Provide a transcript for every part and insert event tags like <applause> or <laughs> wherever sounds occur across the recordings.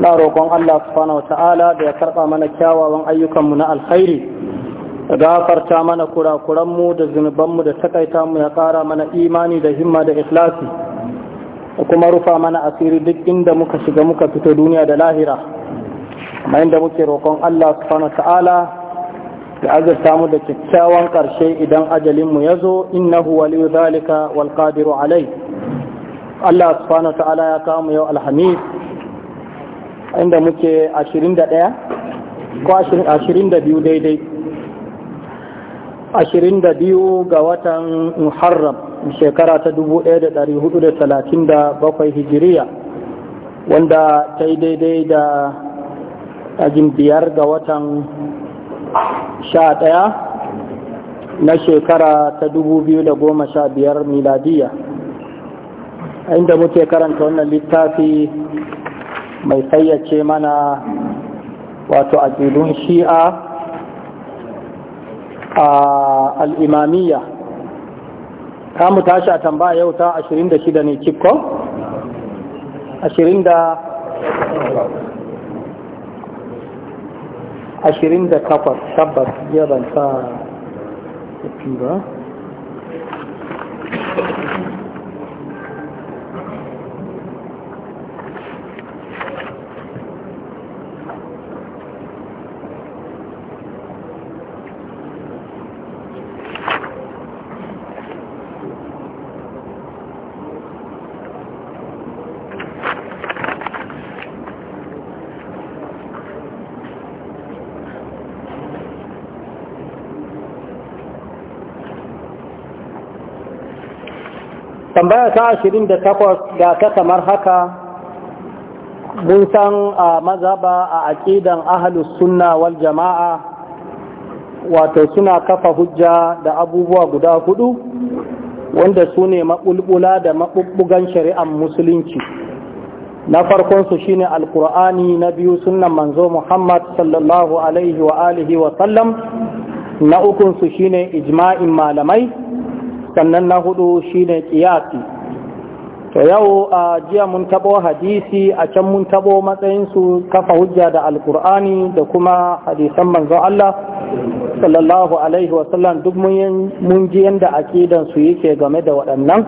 na roƙon Allah subhanahu wata'ala da ya karɓa mana kyawawan ayyukanmu na alkhairi da gafarta mana kurakuranmu da zunubanmu da takaita mu ya ƙara mana imani da himma da ikhlasi da kuma rufa mana asiri duk inda muka shiga muka fito duniya da lahira amma inda muke roƙon Allah subhanahu wata'ala da azurta mu da kyakkyawan ƙarshe idan ajalinmu ya zo innahu waliyu zalika wal qadiru alai Allah subhanahu wata'ala ya kawo mu yau alhamis inda muke 21 ko 22 daidai 22 ga watan muharram shekara ta 1437 hijiriya wanda ta yi daidai da ajin biyar ga watan 11 na shekara ta 2015 miladiya inda muke karanta wannan littafi mai fayyace mana wato a aƙidun shi'a a al'imamiyya ta mu tashi a tambaya yau ta 26 ne cikko, 28 tabbas ya ban sa ba tambaya ta ashirin da takwas ga ta kamar haka mun san a mazaba a aƙidan ahalus sunna wal jama'a wato suna kafa hujja da abubuwa guda hudu wanda su ne maɓulɓula da maɓuɓɓugan shari'ar musulunci na farkonsu shine alkur'ani na biyu sunan manzo muhammad sallallahu alaihi wa alihi wa sallam na ukunsu shine ijma'in malamai sannan na hudu shine kiyasi to yau a jiya mun tabo hadisi a can mun tabo matsayinsu kafa hujja da alkur'ani da kuma hadisan manzon Allah sallallahu alaihi wasallam duk mun ji yanda akidan su yake game da waɗannan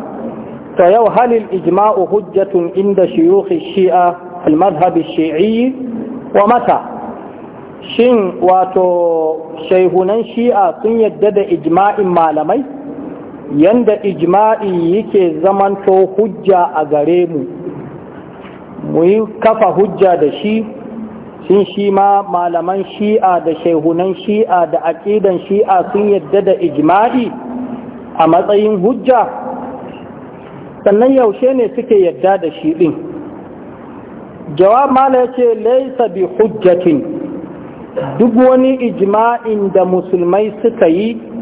to yau halil ijma'u hujjatun inda shuyukh shi'a al shii wa mata shin wato shaihunan shi'a sun yadda da ijma'in malamai yanda ijma'i yake zamanto hujja a gare mu mu yi kafa hujja da shi sun shi ma malaman shi'a da shehunan shi'a da aƙidan shi'a sun yadda da ijma'i a matsayin hujja sannan yaushe ne suke yadda da shi ɗin jawab mala ya ce laisa bi hujjatin duk wani ijma'in da musulmai suka yi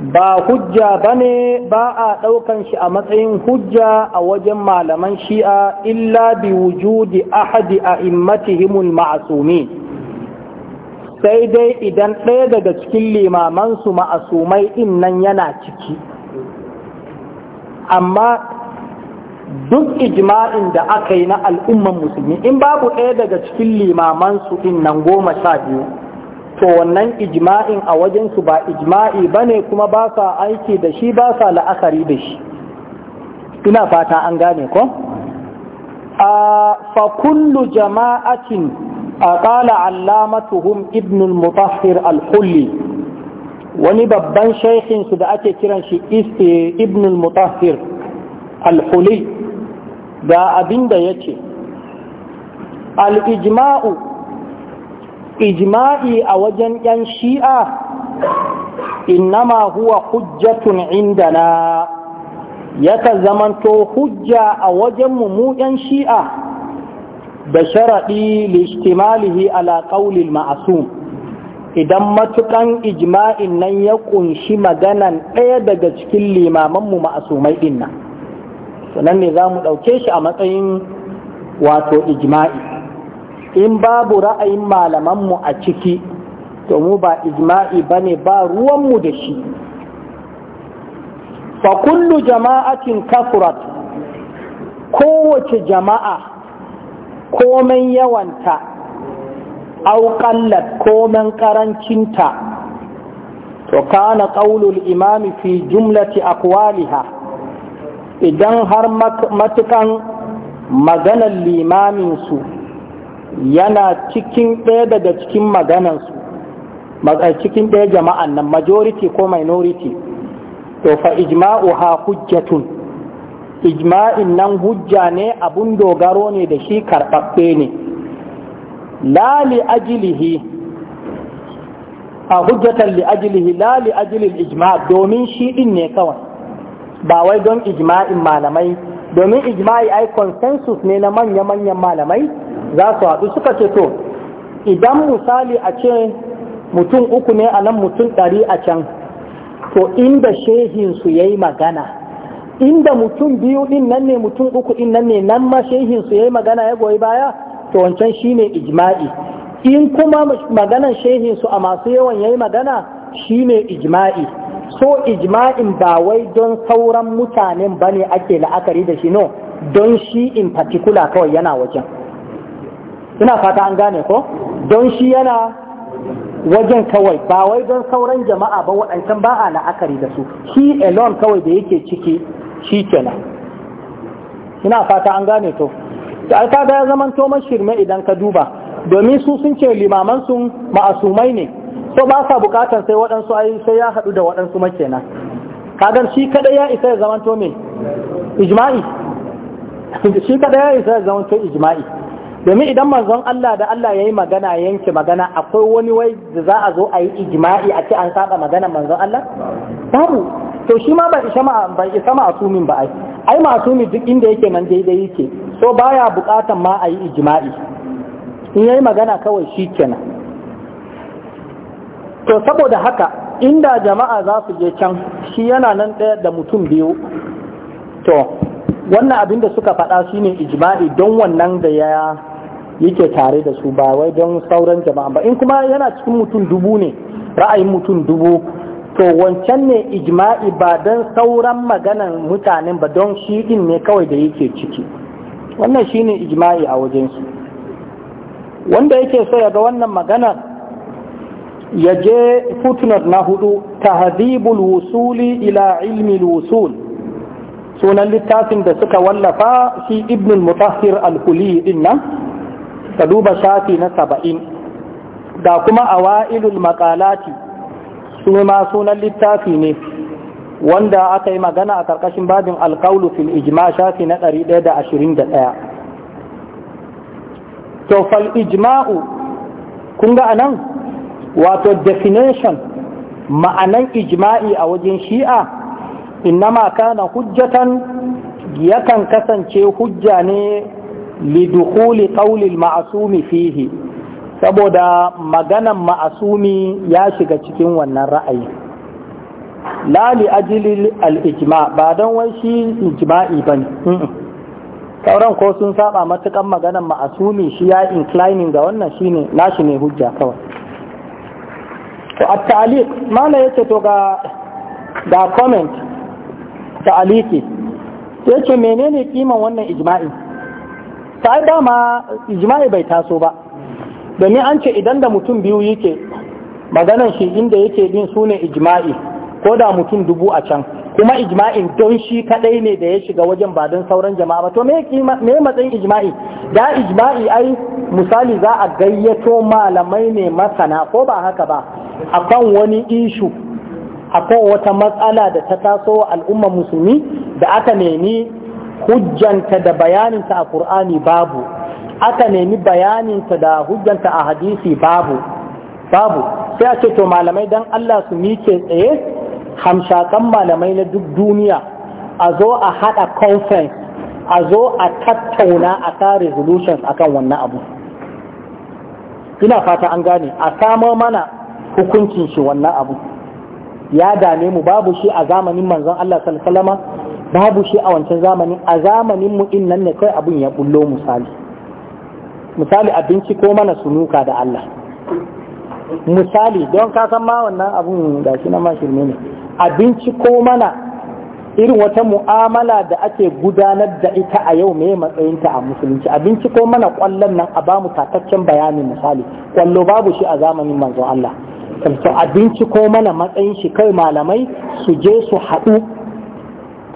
ba hujja bane ba a ɗaukan shi a matsayin hujja a wajen malaman shi'a illa bi wujudi ahadi a immatihimul ma'asumi sai dai idan ɗaya daga cikin limamansu ma'asumai in nan yana ciki amma duk ijma'in da aka yi na al'umman musulmi in babu ɗaya daga cikin limamansu in nan goma sha biyu to wannan ijma'in a su ba ijma'i ba ne kuma ba sa aiki da shi ba sa la'akari da shi ina fata an gane ko a fakullu jama'atin a ƙala allamatuhum ibnul mutahhir al-hulli wani babban shaikhinsu da ake kiran shi eh, ibnul mutahhir al-hulli ga abin da ya ce al-ijma'u ijma'i a wajen ‘yan shi'a innama huwa hujjatun indana yaka zamanto hujja a wajen mu ‘yan shi'a da sharaɗi lishtimalihi ala ƙaulil ma'asum idan matukan ijma'in nan ya ƙunshi maganan ɗaya daga cikin limamanmu ma'asumai mai nan. nan ne za mu ɗauke shi a matsayin wato ijma'i. in babu ra'ayin malamanmu a ciki to mu ba ijma'i bane ba ruwanmu da shi fa kullu jama'atin kasurat kowace jama'a komen yawanta auƙallat komen ƙarancinta to kana ƙaulul imami fi jumlati akwaliha idan har matukan maganar limaminsu yana cikin ɗaya daga cikin maganansu eh, cikin ɗaya jama'an nan majority ko minority to fa ijma'u ha hujjatun ijma'in nan hujja ne abun dogaro ne da shi karɓaɓɓe ne lali ajilihi a hujjatar li ajilihi lali ajilil ijma' domin shi ɗin ne kawai ba wai don ijma'in malamai domin ijma'i ai consensus ne na manya-manyan malamai za su haɗu suka ce to idan misali a ce mutum uku ne a nan mutum ɗari a can to inda shehinsu ya yi magana inda mutum biyu ɗin nan ne mutum uku ɗin nan ne nan ma shehinsu ya yi magana ya goyi baya to wancan shi ne ijma'i in kuma maganan shehinsu a masu yawan ya yi magana ne ijma'i so ijma'in ba wai don sauran mutanen ba ne ake la'akari da shi no don shi in particular kawai yana wajen ina fata an gane ko don shi yana wajen kawai ba wai don sauran jama'a ba waɗancan ba a la'akari da su shi alone kawai da yake ciki shi kenan ina fata an gane to da alkada ya zaman to shirme idan ka duba domin su sun ce limaman sun ma'asumai ne so ba sa bukatar sai waɗansu ai sai ya haɗu da waɗansu makena kagan shi kada ya isa ya zaman to me ijma'i <laughs> shi kada ya isa ya zaman to ijma'i domin idan manzon Allah da Allah ya yi magana yanke magana akwai wani wai da za a zo a yi ijma'i a ce an saba magana manzon Allah babu to shi ma ba isa ma ba asumin ba ai ai ma asumi duk inda yake nan daidai yake so baya bukatan ma a yi ijma'i in yayi magana kawai shi kenan to saboda haka inda jama'a za su je can shi yana nan ɗaya da mutum biyu to wannan abin da suka faɗa shine ijima'i don wannan da ya yake tare da su ba wai don sauran jama'a ba in kuma yana cikin mutum dubu ne ra'ayin mutum dubu to wancan ne ijma'i ba don sauran maganan mutanen ba don shi din ne kawai da yake ciki wannan shi ne ijma'i a wajen wajensu wanda yake so ya ga wannan maganar ya je footnote na hudu tahdibul wusuli ila ilmi wusul sunan littafin da suka wallafa shi ibn mutahhir al kuli din nan ka duba shafi na saba'in da kuma a awa'ilul makalati su ma sunan littafi ne wanda aka yi magana a karkashin babin alkaulu fil ijma shafi na 121 to fal ijma'u kun ga anan wato definition ma'anan ijma'i a wajen shi'a innama kana hujjatan yakan kasance hujja ne lidukhuli qawlil ma'asumi fihi saboda magana ma'asumi ya shiga cikin wannan ra'ayi la li ajli al-ijma ba dan wai shi ijma'i bane <laughs> sauran ko sun saba matukan magana ma'asumi shi ya inclining ga wannan shine nashi ne hujja kawai to a ta'aliq mala yace to ga ga comment ta'aliki yace menene kiman wannan ijma'i ta yi dama ijma'i bai taso ba domin an ce idan da mutum biyu yake maganan shi inda yake bin sune ne ijma'i ko da mutum dubu a can kuma ijima'i don shi kadai ne da ya shiga wajen ba don sauran jama'a ba to me matsayin ijima'i? da ijima'i ai misali za a gayyato malamai ne masana ko ba haka ba akan wani ishu akan wata matsala da ta taso wa al'ummar musulmi da aka nemi hujjanta da bayaninta a Qur'ani babu aka nemi bayaninta da hujjanta a hadisi babu babu sai a ce to malamai dan Allah su mike tsaye hamshakan malamai na duk duniya a zo a haɗa conference a zo a tattauna a ta resolutions akan wannan abu ina fata an gane a samo mana hukuncin shi wannan abu ya dame mu babu shi a zamanin manzon Allah sallallahu alaihi babu shi a wancan zamani, a zamanin mu din nan ne kai abun ya bullo misali misali abinci ko mana sunuka da Allah misali don ka san ma wannan abun da shi na mashirme ne abinci ko mana irin wata mu'amala da ake gudanar da ita a yau mai matsayinta a musulunci abinci ko mana kwallon nan a bamu takaccen bayani misali kwallo babu shi a zamanin manzon Allah abinci ko mana matsayin shi kai malamai su je su haɗu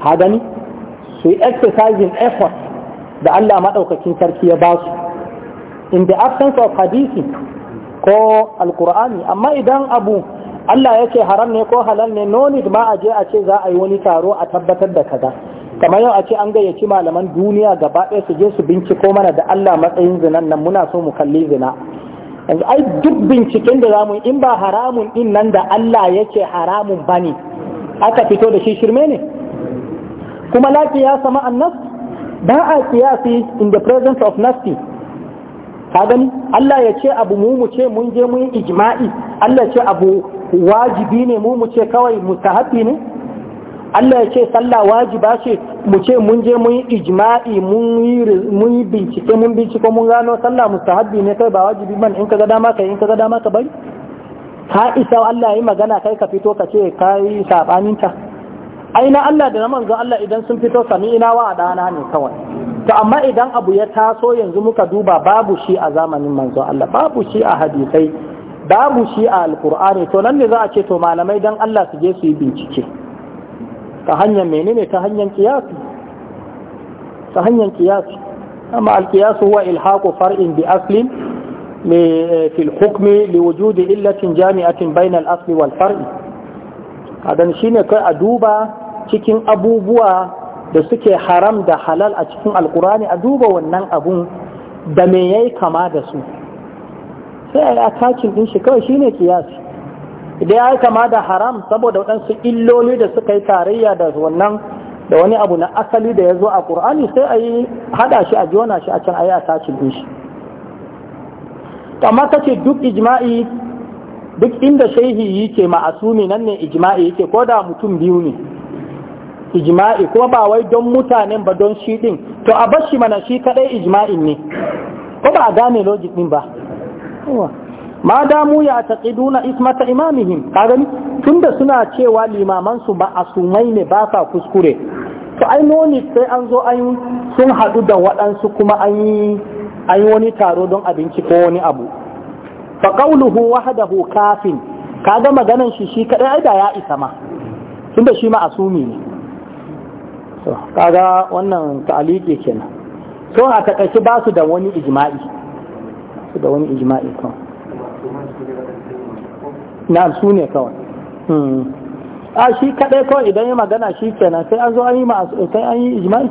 ka gani su yi exercising effort da Allah maɗaukakin sarki ya ba su in the absence of hadisi ko alkur'ani amma idan abu Allah yake haram ne ko halal ne no need ma a je a ce za a yi wani taro a tabbatar da kaza kamar yau a ce an gayyaci malaman duniya gaba ɗaya su je su binciko mana da Allah matsayin zinan nan muna so mu kalli zina yanzu ai duk binciken da zamu in ba haramun din nan da Allah yake haramun bane aka fito da shi shirme ne kuma la kiyasa ma an-nafs ba a kiyasi in the presence of nasti ka gani Allah ya ce abu mu mu ce mun je mun ijma'i Allah ya ce abu wajibi ne mu mu ce kawai mustahabi ne Allah ya ce sallah wajiba ce mu ce mun je mun ijma'i mun yi bincike mun bincike mun gano sallah mustahabbi ne kai ba wajibi man in ka ga dama kai in ka ga dama ka bari ka isa Allah ya yi magana kai ka fito ka ce kai sabaninta ai na Allah da na manzon Allah idan sun fito sami ina wa dana ne kawai to amma idan abu ya taso yanzu muka duba babu shi a zamanin manzon Allah babu shi a hadisai babu shi a alkur'ani to nan ne za a ce to malamai dan Allah su je su yi bincike ta hanyar menene ta hanyar kiyasi ta hanyar kiyasi amma alkiyasu huwa ilhaqu far'in bi aslin في الحكم لوجود إلة جامعة بين الأصل shine kai a duba. cikin abubuwa da suke haram da halal a cikin alkurani a duba wannan abun da me yayi kama da su sai a yi atakin din shi kawai shine kiyasi idan ya yi kama da haram saboda waɗansu illoli da suka yi tarayya da wannan da wani abu na asali da ya zo a ƙur'ani sai a yi haɗa shi a jona shi a can a yi atakin din shi amma ta ce duk ijma'i duk inda shaihi yake ma'asumi nan ne ijma'i yake ko da mutum biyu ne ijma'i kuma ba wai don mutanen ba don shi din to a bashi mana shi kadai ijma'in ne ko ba a gane logic din ba ma mu ya taqiduna ismata imamihim kaga ni tunda suna cewa limaman su ba asumai ne ba sa kuskure to ai noni sai an zo an sun hadu da waɗansu kuma an yi an wani taro don abinci ko wani abu fa qawluhu wahdahu kafin kaga maganan shi shi kadai ai da ya isa ma tunda shi ma asumi ne kaga wannan ta'aliki kenan to a takaice ba su da wani ijma'i su da wani ijma'i kawai na su ne kawai hmm. a shi kadai kawai idan yi magana shi kenan sai an zo an yi sai an yi ijma'i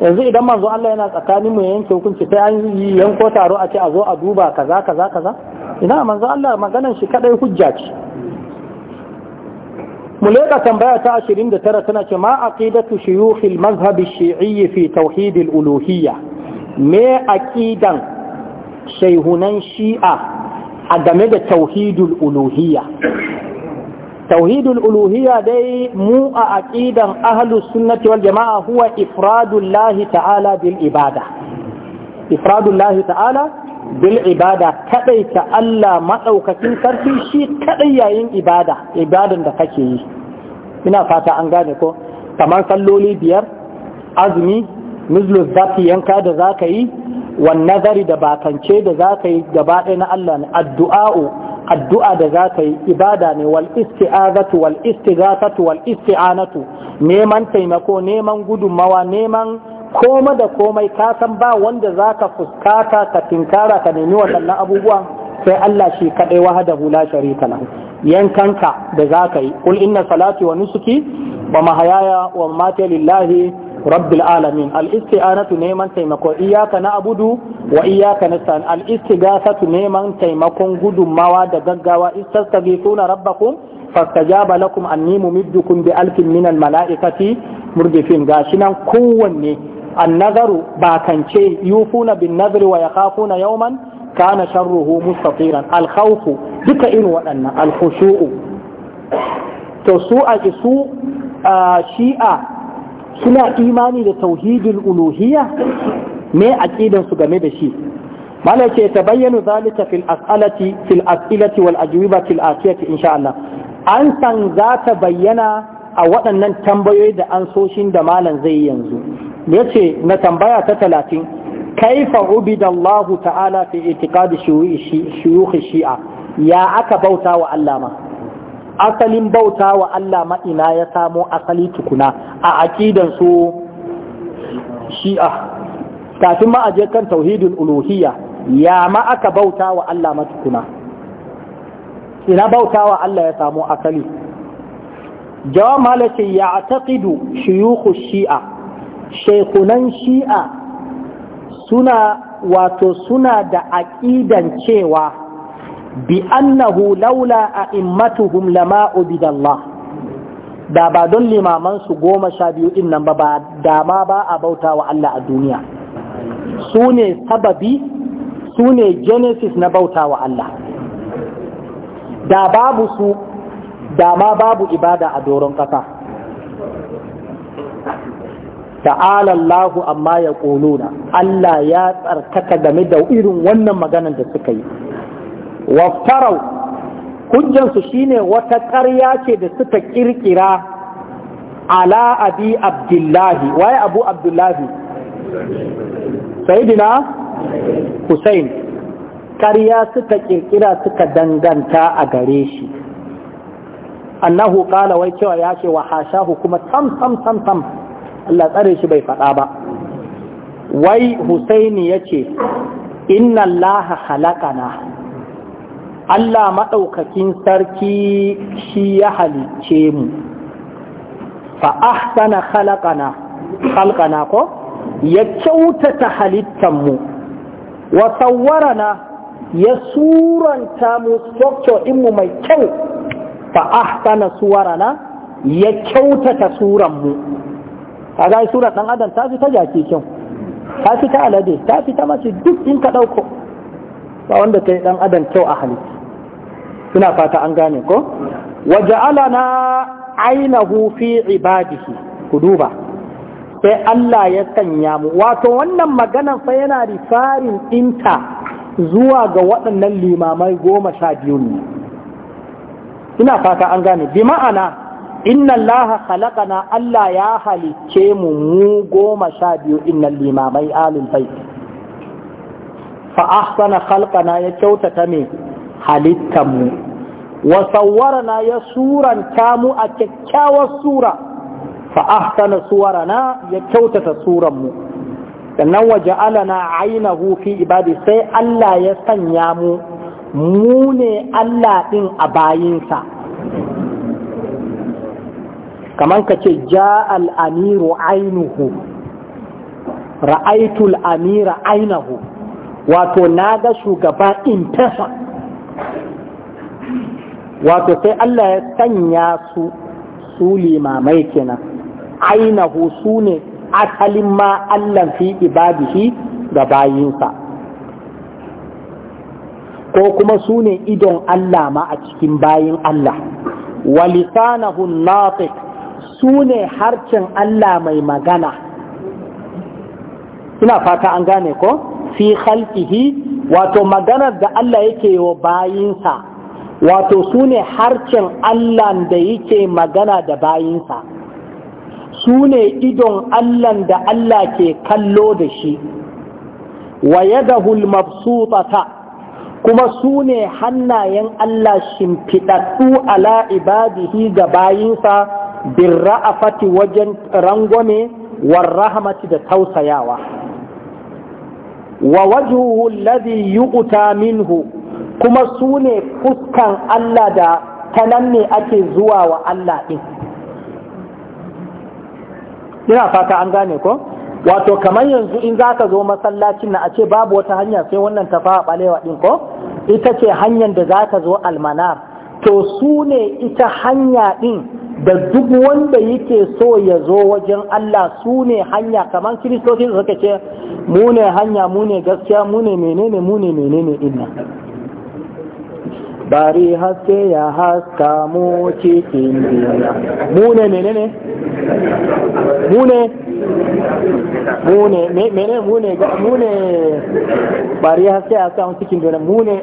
yanzu idan manzo Allah yana tsakanin mu yanke hukunci sai an yi yanko taro a ce a zo a duba kaza kaza kaza ina manzo Allah maganar shi kadai hujja ce ملاقة تنبية تعشرين دترة تنشي ما عقيدة شيوخ المذهب الشيعي في توحيد الألوهية ما أكيدا شيهنا شيئا أدمد توحيد الألوهية توحيد الألوهية دي مو أكيدا أهل السنة والجماعة هو إفراد الله تعالى بالإبادة إفراد الله تعالى بالعبادة كأي تألا ما أوكتين كرفي شيء كأي إبادة إبادة دفكي ina fata an gane ko kamar salloli biyar azumi nuzlu zafi yanka da za ka yi wan nazari da bakance da za ka yi gaba ɗaya na Allah ne addu'a'u addu'a da za ka yi ibada ne wal isti'azatu wal istighafatu wal isti'anatu neman taimako neman gudunmawa neman koma da komai ka san ba wanda za ka fuskata ka tinkara ka nemi waɗannan abubuwan sai Allah shi kaɗai wahadahu la sharika lahu yankanka da za ka yi kul inna salati wa nusuki wa mahayaya wa mamati lillahi rabbil alamin al isti'anatu neman taimako na abudu wa na nasta'in al istighasatu neman taimakon gudummawa da gaggawa istastaghithuna rabbakum fastajaba lakum anni mumiddukum bi alfin min al mala'ikati murdifin gashinan kowanne annazaru kance yufuna bin nazri wa yakhafuna yawman kana sharruhu mustatiran alkhawfu duka irin waɗannan alkhushu'u to su a su shi'a suna imani da tauhidul uluhiyya me aqidan su game da shi mala ce ta bayyana zalika fil as'alati fil as'ilati wal ajwibati al atiyati insha Allah an san za ta bayyana a waɗannan tambayoyi da ansoshin da malam zai yanzu yace na tambaya ta talatin kaifa ubida Allah ta'ala fi itiqadi shuyukh shi'a ya aka bauta wa Allah ma asalin bauta wa Allah ma ina ya samo asali tukuna a aqidan shi'a kafin ma aje kan Tauhidin uluhiyya ya aka bauta wa Allah ma tukuna ina bauta wa Allah ya samo asali ya shi'a shekunan shi'a suna wato suna da aƙidan cewa bi annahu laula a immatuhum lama ubidallah da ba don limaman su goma sha biyu din nan ba ba dama ba a bauta wa Allah a duniya Sune sababi sune ne genesis na bauta wa Allah da babu su dama babu ibada a doron ƙasa ta'ala Allahu amma ya ƙuluna Allah ya tsarkaka game da irin wannan maganan da suka yi waftarau hujjansu shine wata ƙarya ce da suka ƙirƙira ala abi abdullahi waye abu abdullahi sayidina Hussein ƙarya suka ƙirƙira suka danganta a gare shi annahu ƙala wai cewa ya ce wa hashahu kuma tam tam tam tam Allah tsare shi bai faɗa ba wai husaini ya ce inna Allah halakana Allah maɗaukakin sarki shi ya halice mu fa ahsana halakana halkana ko ya kyautata halittanmu wa na ya suranta mu structure mu mai kyau fa ahsana suwarana ya kyautata mu. ga sura dan adam ta fi ta jaki kyau ta fi ta alade ta fi ta mace duk in ka dauko ba wanda ta yi dan adam kyau a halitta ina fata an gane ko wa ja'alana ainahu fi ibadihi ku duba sai Allah ya sanya mu wato wannan maganan fa yana rifarin dinta zuwa ga waɗannan limamai goma sha biyu ne ina fata an gane bi ma'ana inna Allah khalaqana Allah ya halicce mu mu goma sha biyu inna limamai alul bait fa ahsana khalqana ya kyautata me halittan mu wa sawwarana ya suranta mu a kyakkyawar sura fa ahsana suwarana ya kyautata suran mu sannan wa ja'alana ainahu fi ibadi sai Allah ya sanya mu mu ne Allah din a bayinsa kamar ka ce ja al'amiru ainihu ra'aitul amira ainihu wato na ga shugaba in wato sai Allah ya sanya su su limamai kenan ainihu su ne asalin ma Allah fi ibadihi ga bayinsa ko kuma su ne idon Allah ma a cikin bayin Allah walisanahun natiq su ne harcin Allah mai magana ina fata an gane ko fi khalqihi wato maganar da Allah yake wa bayinsa wato su ne harcin Allah da yake magana da bayinsa su ne idon Allah da Allah ke kallo da shi wa yadahul mabsutata kuma su ne hannayen Allah shimfiɗaɗɗu ala ibadihi ga bayinsa Birra afati wajen rangwame rahamati da tausayawa wa wajhuhu alladhi yu'ta minhu kuma su ne fuskan Allah da tanan ne ake zuwa wa Allah din ina fata an gane ko wato kamar yanzu in zaka zo masallacin na a ce babu wata hanya sai wannan tafa balewa din ko ita ce hanyar da za zo almanar to sune ita hanya din da duk wanda yake so ya zo wajen Allah su ne hanya kamar kiristoci da suka ce mu ne hanya mu ne gaskiya mu ne menene mu ne menene inna bari haske ya haska mu cikin duniya mu ne menene mu ne mu ne menene mu ne mu ne bari haske ya haska mu cikin duniya mu ne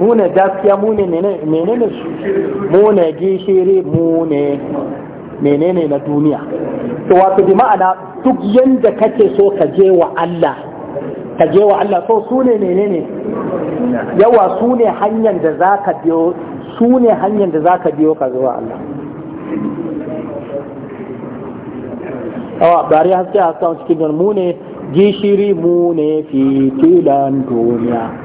mu ne gaskiya mu ne menene mu ne gishiri mu ne menene na duniya to wato bi ma'ana duk yanda kake so ka je wa Allah ka je wa Allah so su ne menene yawa su ne hanyar da za ka biyo su ne hanyar da za ka biyo ka zuwa Allah awa bari haske a cikin mu ne gishiri mu ne fitilan duniya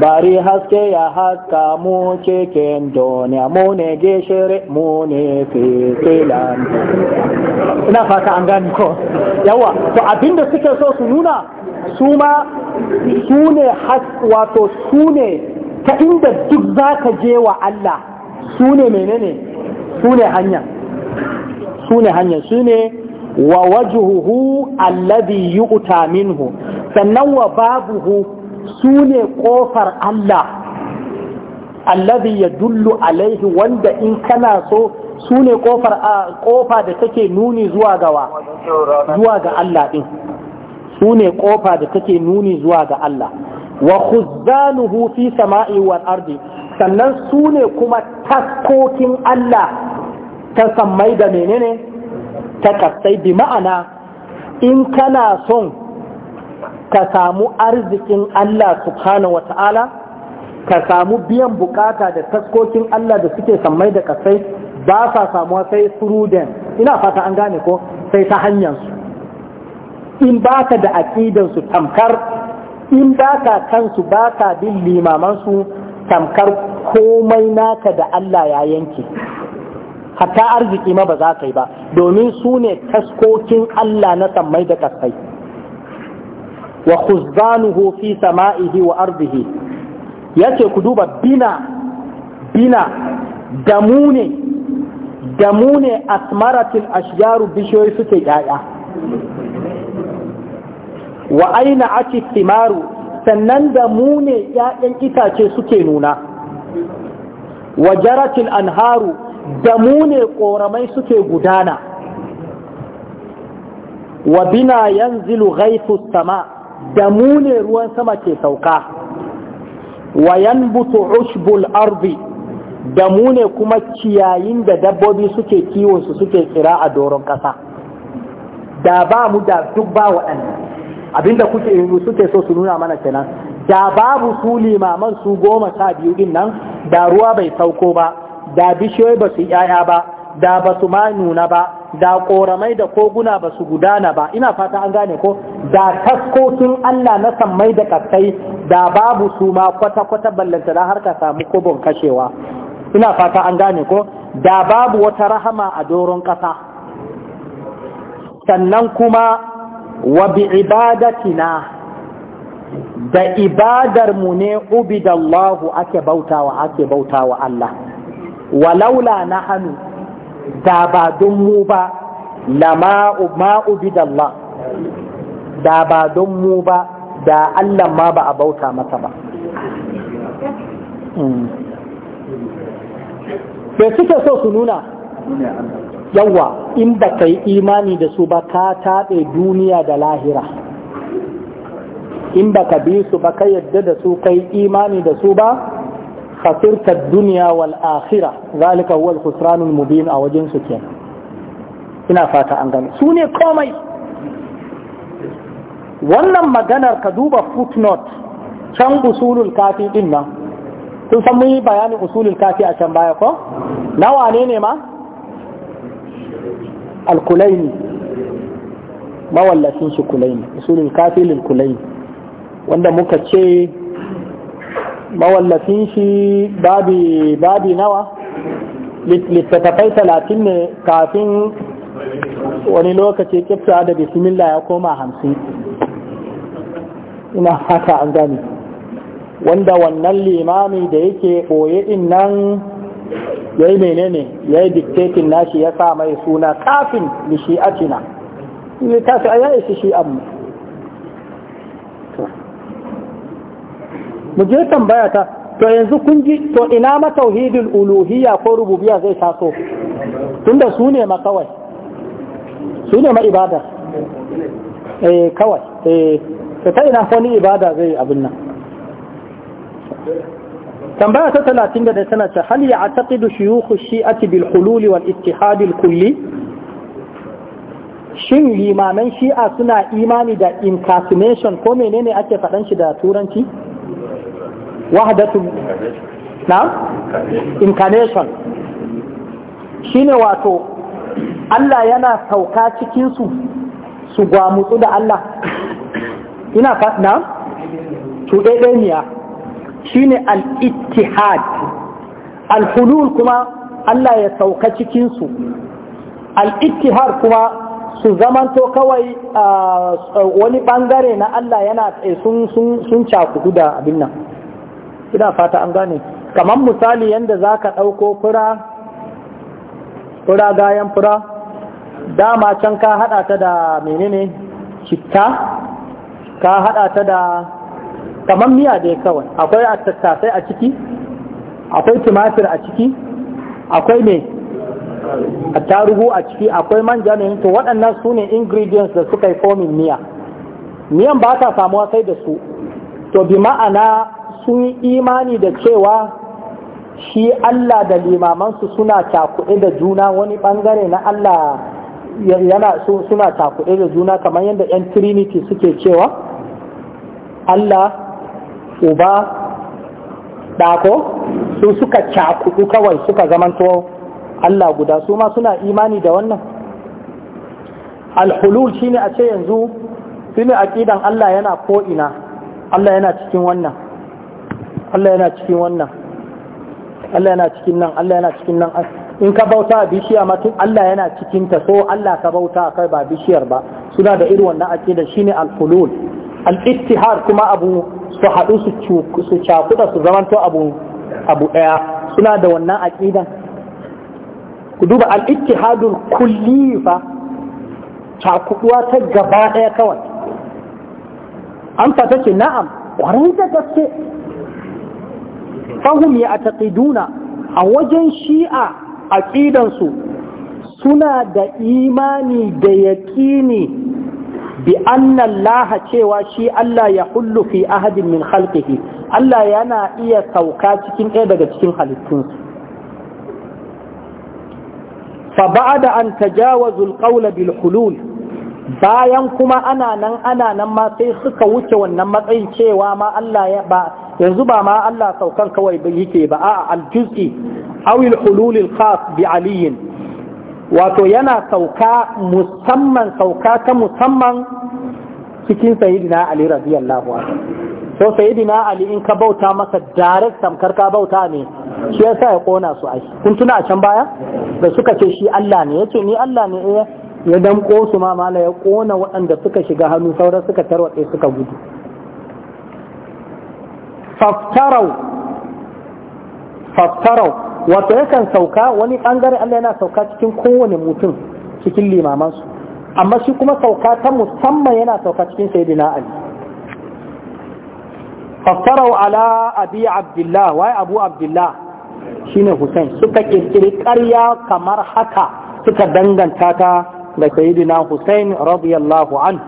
bari haske ya haska mu cikin duniya mu ne gishiri mu ne fitilan ina fata an gani ko yawa to abinda suke so su nuna su ma su ne wato su ne ta inda duk za ka je wa Allah su ne menene su ne hanya su ne hanya su ne wa wajuhu alladhi yu'ta minhu sannan wa babuhu su ne ƙofar Allah allazi ya dullu alaihi wanda in kana so su ne ƙofa da take nuni zuwa gawa zuwa ga Allah ɗin su ne ƙofa da take nuni zuwa ga Allah wa khuzzanuhu fi sama'i wal ardi sannan su ne kuma taskokin Allah ta sammai da menene ta kasai bi ma'ana in kana son ka samu arzikin Allah subhanahu ta'ala ka samu biyan bukata da taskokin Allah da suke sammai da kasai ba sa samuwa sai suruden ina fata an gane ko sai ta hanyarsu in ba ka da aƙidansu tamkar in ba ka kansu ba ka bin limamansu tamkar komai naka da Allah ya yanke hatta arziki ma ba za ka yi ba domin su ne taskokin Allah na sammai da kasai. wa khuzbanuhu fi sama'ihi wa ardihi yace ku duba bina bina damu ne damu ne asmaratil ashjaru bishiyoyi suke yaya wa aina ake timaru sannan damu ne ‘ya'yan itace suke nuna wa jaratil anharu damu ne ƙoramai suke gudana wa bina yanzilu ghaifu sama da mu ne ruwan sama ke sauka wa yanbutu ushbul ardi da mu ne kuma ciyayin da dabbobi suke kiwon su suke tsira a doron kasa da ba mu da duk ba waɗannan abinda kuke suke so su nuna mana kenan da babu su limaman su goma sa biyu din nan da ruwa bai sauko ba da bishiyoyi ba su yaya ba da ba su ma nuna ba da koramai da koguna ba su gudana ba ina fata an gane ko da taskokin Allah na sammai da ƙasai, da babu su ma kwata-kwata ballanta da har ka samu kobon kashewa ina fata an gane ko da babu wata rahama a doron ƙasa sannan kuma wa bi ibadatina da ibadar mu ne ubidallahu ake bautawa ake bautawa Allah walaula na hannu. da ba don mu ba lama ma'ubid Allah da ba don mu ba da Allah ma ba a bauta masa ba da hmm. suke so su nuna yawa in ba ka yi imani da su ba ka taɓe duniya da lahira in ba ka bi su ba ka yadda da su kai imani da su ba خسرت الدنيا والآخرة ذلك هو الخسران المبين أو جنس كين ina fata an gane su komai wannan maganar ka duba footnote can usulul kafi din nan kun san mun yi bayanin usulul kafi a can baya ko na ne ne ma al-kulaini mawallafin shi kulaini usulul kafi lil kulaini wanda muka ce mawallafin shi babi nawa littattafai talatin ne kafin wani lokaci kifta da bismillah ya koma hamsin ina haka an gani wanda wannan limami da yake ɓoye din nan ya yi menene ya yi diktatin nashi ya sa mai suna kafin lishi'atina ne ta su a shi shi'an mu je tambaya ta to yanzu kun ji to ina matauhidin tauhidul uluhiyya ko rububiya zai taso tunda su ne ma kawai su ne ma ibada eh kawai eh ta ina wani ibada zai abin nan tambaya ta talatin da tana ce hal ya ataqidu shuyukh shi'ati bil hulul wal ittihad al kulli shin limaman shi'a suna imani da incarcination ko menene ake faɗan shi da turanci wahadatu na incarnation shine wato Allah yana sauka cikinsu su gwamutsu da Allah ina faɗa Shi shine al-ittihad al-hulul kuma Allah ya sauka cikinsu al-ittihad kuma su zamanto kawai wani bangare na Allah yana eh, sun cakudu da abin nan ina fata an gane kamar misali yadda za ka ɗauko fura fura gayan fura dama can ka haɗa ta da menene citta ka haɗa ta da kamar miya ya kawai akwai a tattasai a ciki akwai tumatir a ciki akwai ne a tarugu a ciki akwai manja ne to waɗannan su ne ingredients da suka yi fomin miya miyan ba ta samuwa sai da su to bi ma'ana sun yi imani da cewa shi Allah da limamansu suna cakuɗe da juna wani ɓangare na Allah yana suna cakuɗe da juna kamar yadda 'yan trinity suke cewa Allah uba ɗako su suka cakuɗu kawai suka zamanto Allah guda su ma suna imani da wannan alhulul shine a ce yanzu shine aqidan Allah yana ko ina Allah yana cikin wannan Allah yana cikin wannan Allah yana cikin nan Allah yana cikin nan in ka bauta bishiya ma tun Allah yana cikin ta so Allah ka bauta kai ba bishiyar ba suna da irin wannan aqida shine alhulul al-ittihar kuma abu su haɗu su cakuɗa su zamanto abu abu ɗaya suna da wannan aqidan ku duba alittihadun ittihadul kulli fa cakuduwa ta gaba daya kawai fata take na'am kwarai da gaske fahum ya ataqiduna a wajen shi'a ƙidansu, suna da imani da yaƙini bi anna cewa shi Allah ya hullu ahadin min khalqihi Allah yana iya sauka cikin ɗaya daga cikin halittunsu fa ba'da an tajawazul qawla bil hulul bayan kuma ana nan ana nan ma sai suka wuce wannan matsayin cewa ma Allah ya ba yanzu ba ma Allah saukan kawai yake ba a al-juz'i hulul khas bi aliyin wato yana sauka musamman sauka ta musamman cikin sayyidina Ali radiyallahu anhu so na ali in ka bauta masa direct tamkar ka bauta ne shi yasa ya kona su ai kun tuna a can baya da suka ce shi Allah ne yace ni Allah ne eh, ya damko su ma mala ya kona waɗanda suka shiga hannu sauran suka tarwatse suka gudu faftarau faftarau wato yakan sauka wani bangare Allah yana sauka cikin kowane mutum cikin limamansu amma shi kuma sauka ta musamman yana sauka cikin sayyidina ali fassarau ala abi abdullah wai abu abdullah shine Hussein suka kirkiri ƙarya kamar haka suka danganta ta da sayyidina Hussein radiyallahu an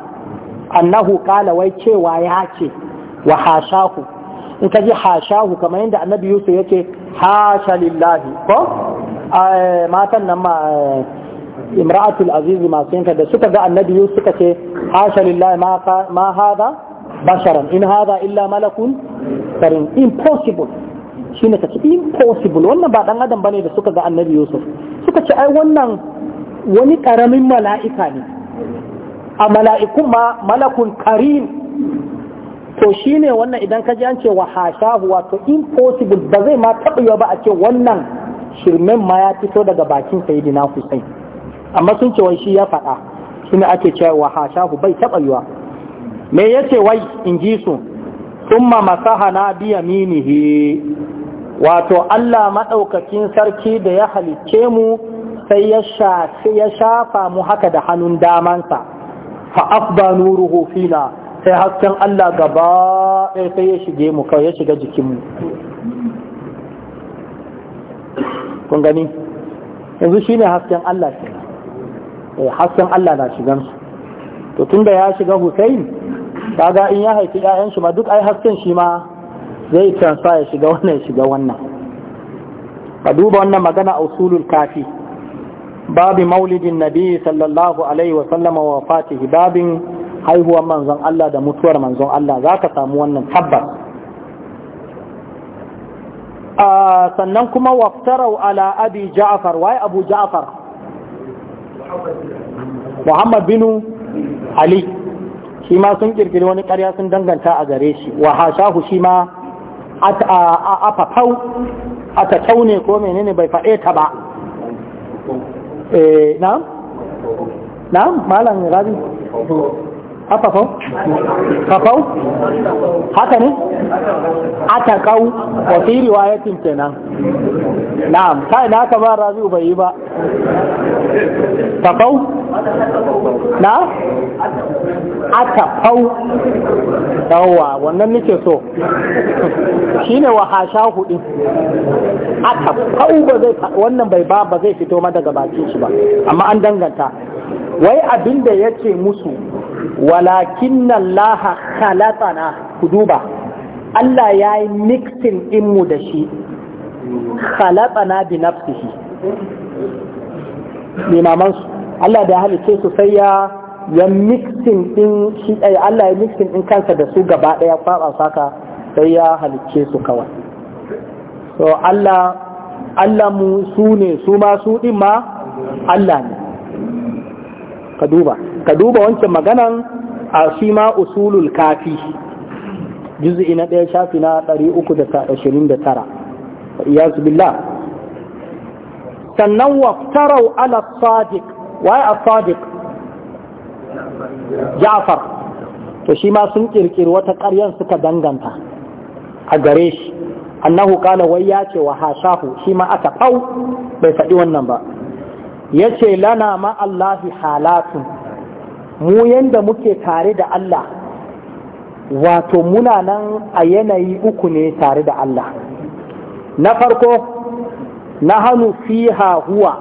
annahu qala wai cewa ya ce wa hashahu in ka ji hashahu kamar yadda annabi Yusuf yake hasha lillahi ko eh, matan nan ma eh, imra'atul aziz masu yanka da suka ga annabi Yusuf suka ce hasha lillahi ma hada basharan in hada illa malakun karim impossible shine kace impossible wannan ba dan adam bane da suka ga annabi yusuf suka ce ai wannan wani karamin mala'ika ne a mala'ikun ma malakun karim to shine wannan idan ka ji an ce wa hashahu wato impossible ba zai ma taɓa ba a ce wannan shirmen ma ya fito daga bakin sayyidina Hussein amma sun ce wai shi ya faɗa shine ake cewa wa hashahu bai taɓa yiwa me ce wai in ji su masaha na biya minihi wato Allah maɗaukakin sarki da ya halicce mu sai ya shafa mu haka da hannun damansa fa afda nuruhu fina sai hasken Allah gaba sai ya shige mu kawai ya shiga jikinmu kun gani yanzu shi ne hasken Allah ke eh, hasken Allah na shigansu to tunda ya shiga Hussein kaga in ya haifi ƴaƴan shi ma duk ai hasken shi ma zai transfer ya shiga wannan ya shiga wannan ka duba wannan magana usulul kafi babu maulidin nabi sallallahu alaihi wa sallama wa fatihi babin haihuwar manzon Allah da mutuwar manzon Allah zaka samu wannan tabbas sannan kuma waftarau ala abi ja'far wai abu ja'far muhammad bin ali shi ma sun kirkiri wani karya sun danganta a gare shi wa hashahu shi ma a ta ne ko menene bai faɗe ta ba na? Eh, na? malam rabi? afafau kafau haka ne atakau wa fi riwayatin kenan na'am kai na ka ba rabi'u bai yi ba kafau na atakau yawa wannan nake so shine wa hasha hudu atakau ba zai wannan bai ba ba zai fito ma daga bakin shi ba amma an danganta wai abin da ya ce musu walakin laha khalatana ku duba Allah ya yi mixin ɗinmu da shi khalatana bi nafsihi su Allah da halice su sai ya ya mixin din shi ɗaya, eh, Allah ya mixin din kansa da su gaba ɗaya kwaɓa saka sai ya halicce su kawai so Allah Allah mu su ne su ma su ɗin ma Allah ne ka duba ka duba wancan maganan a shi ma usulul kafi juz'i na ɗaya shafi na 329 su billah sannan waftarau ala sadiq waye a sadiq ja'far to shi ma sun kirkiri wata ƙaryan suka danganta a gare shi annahu kala wai ya ce wa hashahu shi ma aka ɓau bai faɗi wannan ba ya ce lana ma'allahi halatun, mu yanda muke tare da Allah wato muna nan a yanayi uku ne tare da Allah na farko na hannu fiha huwa